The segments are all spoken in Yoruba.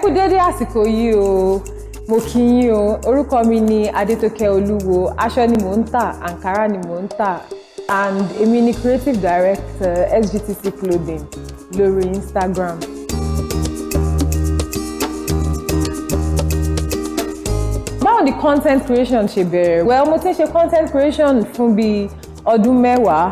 kú dédé àsìkò yìí o mo kí yín o orúkọ mi ni Adétókè Olúwo aṣọ ni mò ń tà àǹkárá ni mò ń tà and èmi ni creative director SGTC clothing lórí Instagram. báwo ni content creation ṣe bẹ̀rẹ̀ well mo ti ń ṣe content creation fún bíi ọdún mẹ́wàá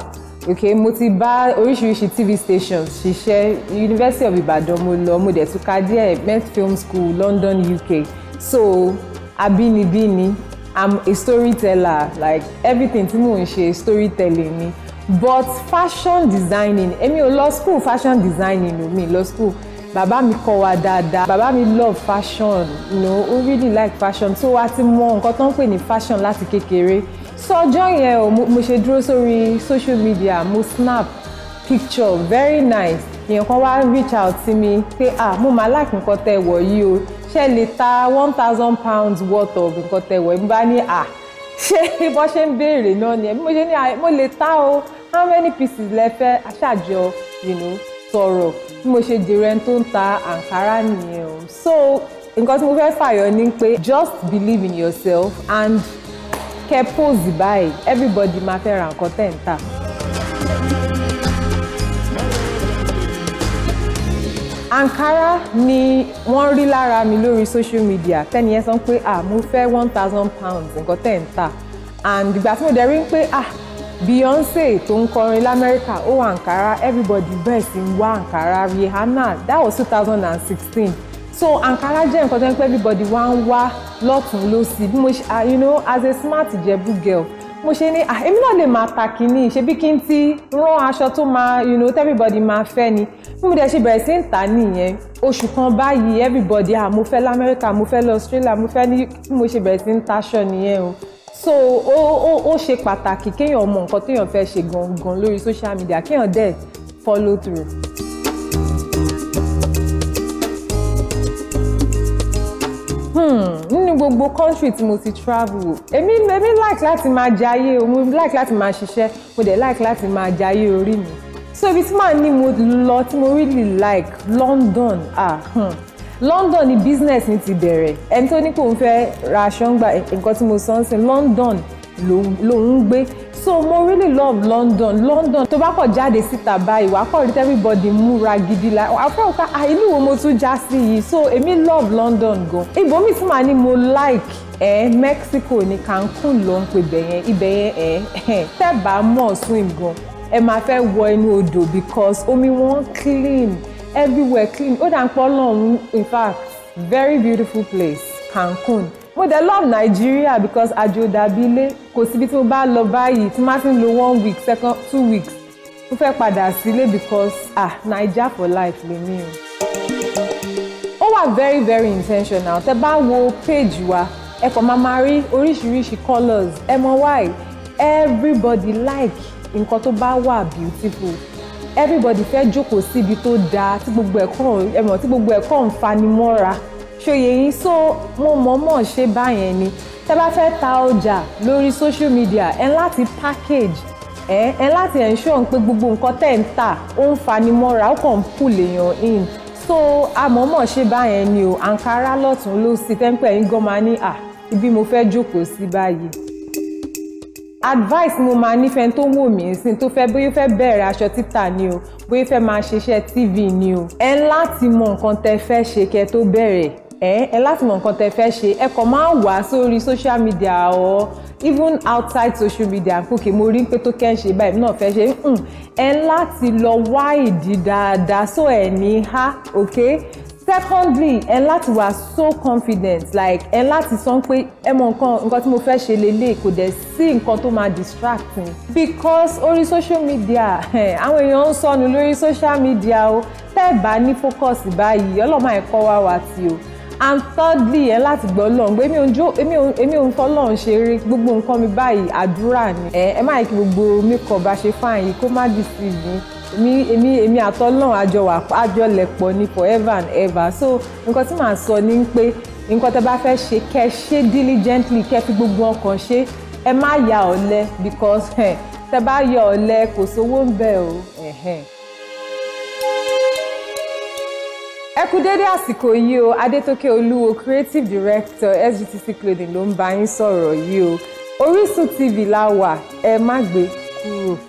okay mo ti bá oríṣiríṣi tv stations ṣiṣẹ́ university of ibadan mo lọ mo dẹ̀ tún ka díẹ̀ met film school london uk so abínibí ni i'm a storyteller like everything tí mò ń ṣe storytelling ni but fashion designing èmi ò lọ school fashion designing o mi lọ school bàbá mi kọ́ wa dáadáa bàbá mi love fashion you know ó really like fashion so wá ti mọ nǹkan tó ń pè ní fashion láti kékeré so ọjọ́ yẹn o mo ṣe dúró sórí social media mo snap picture very nice èèyàn kan wá reach out sí mi pé ah mo máa like nǹkan tẹ wọ̀ yìí o ṣé lè ta one thousand pounds worth of nǹkan tẹ wọ̀ yìí bá ní ah ṣé bó ṣe ń béèrè náà ni ẹ mo ṣe ní ah mo lè ta o how many pieces lẹ fẹ́ aṣáájọ you know sọ̀rọ̀ bí mo ṣe jèrè ẹni tó ń ta àǹkárá nìyẹn o so nǹkan tí mo fẹ́ fàyọ ni pé just believe in yourself and kẹ́ pose báyìí everybody máa fẹ́ ra nǹkan tẹ̀ ń tà. Ankara ni wọ́n rí lára mi lórí social media tẹ́ni yẹn sọ pé ah mo fẹ́ one thousand pounds nǹkan tẹ̀ ń tà and ìgbà tí mo dẹ̀ rí pé ah Beyonce tó ń kọrin lamẹ́ríkà ó wà Ankara everybody bẹ̀rẹ̀ sí ń wá Ankara Rihanna that was two thousand and sixteen so ankara jẹ́ nǹkan tó ń pẹ́ everybody wá ń wá lọ́tún lọ́sì bí mo ṣe ah you know as a smart Ìjẹ̀bú girl mo ṣe ní ah èmi náà lè máa ta kínní ṣebí kí n ti rán aṣọ tó máa you know tell everybody máa fẹ́ ni bí mo dẹ̀ ṣe bẹ̀rẹ̀ sí ń tà nìyẹn oṣù kan báyìí everybody ah mo fẹ́ lamẹ́ríkà mo fẹ́ lọ Australia mo fẹ́ ní bí mo ṣe bẹ̀rẹ̀ sí ń taṣọ nìyẹn o so ó ó ó ṣe pàtàkì kéèyàn mọ nǹkan téèyàn fẹ́ ṣe gangan lórí social media kéèyàn dẹ̀ follow through. gbogbo country tí mo ti travel èmi èmi like láti máa jayé o mo like láti máa ṣiṣẹ́ mo dẹ̀ like láti máa jayé orí mi so ibi tí màá ní mo lọ tí mo really like London ah hmm. London ni business mi ti bẹ̀rẹ̀ ẹni tó ní kò ń fẹ́ ra aṣọ ń gba nǹkan tí mo sọ ń sìn London ló ń gbé so mo really love London London tó bá kọ̀ jáde síta báyìí wàá kọ̀ rí everybody múra gidi la àfọwọ́ká ìlú wo mo tún já sí yìí so èmi love London gan ibòmí tí màá ní mo like ẹ eh, Mexico ní Cancun ló ń pè bẹ̀yẹn ibẹ̀yẹn ẹ eh, tẹ́ bá mọ̀ swim gan ẹ máa fẹ́ wọ inú odò because omi wọn clean everywhere clean ó dà ń pọ́ lọ́hún in fact very beautiful place Cancun mo dẹ̀ love Nigeria because àjò dàbí ilé kò síbi tí mo bá lọ báyìí tí má ti ń lo one week second two weeks mo fẹ́ padà sílé because ah Naija for life lèmi o. ó wà very very intentional tẹ bá wo page wa ẹ kàn máa máa rí oríṣiríṣi colours ẹ mọ why everybody like nǹkan tó bá wà beautiful everybody fẹ́ jókòó síbi tó dáa tí gbogbo ẹ̀kọ́ ẹ̀mọ̀ tí gbogbo ẹ̀kọ́ ń fanimọ́ra ṣòye yín so mo mọ̀ọ́mọ̀ ṣe báyẹn ni tẹ́ bá fẹ́ ta ọjà lórí social media ẹ láti package ẹ ẹ láti ensure pé gbogbo nǹkan tẹ́ ń tà ó ń fanimọ́ra ó kàn ń pull èèyàn in so àmọ̀ọ́mọ̀ ṣe báyẹn ni o àǹkárá lọ́tún ló sì tẹ́ńpẹ́ yín gan máa ní à ibi mo fẹ́ jókòó sí báyìí advice mo máa nífẹ̀ẹ́ tó wò mí sí tó fẹ́ bóyá fẹ́ bẹ̀rẹ̀ aṣọ títà ni o bóyá fẹ́ máa ṣiṣẹ́ tv ni o ẹ láti mọ nǹkan tẹ́ fẹ́ ṣe kẹ́ tó bẹ̀rẹ̀ ẹ eh, ẹ láti mọ nǹkan tẹ fẹ́ ṣe ẹ kàn máa wà sórí social media or even outside social media kókè mo rí pé tó kẹ́ ń ṣe báyìí náà fẹ́ ṣe hmm, ẹ láti lọ wá ìdí dáadáa so ẹ ní há okay secondly ẹ láti wà so confident like ẹ láti sọ pé ẹ mọ nǹkan nǹkan tí mo fẹ́ ṣe lélẹ̀ kò dẹ̀ sí nǹkan tó máa distract me because orí social media eh, àwọn èèyàn ń sọnù lórí social media o tẹ́ ẹ bá ní focus báyìí ọlọ́mọ ẹ̀kọ́ wá wá tí o and thirdly ẹ láti gbọ́ lọ́n gbé èmi ò ń fọ́ lọ́n ṣeré gbogbo nǹkan mi báyìí àdúrà ni ẹ má yẹ kí gbogbo mi kọ̀ bá ṣe fáyín kó má deceive mi èmi èmi èmi àtọ́lọ́run àjọ wà àjọ lẹ̀pọ̀ ni forever and ever so nǹkan tí màá sọ ni pé nǹkan tẹ́ bá fẹ́ ṣe kẹ́ ṣe diligently kẹ́ fi gbogbo ọkàn ṣe ẹ má ya ọ̀lẹ because tẹ́ bá ya ọ̀lẹ kò sówó ń bẹ̀ o. ẹ kú dédé àsìkò yìí o adétókè olúwo creative director sgtc clothing ló ń bá yín sọ̀rọ̀ yìí o orísun tv la wà ẹ má gbé kúrò.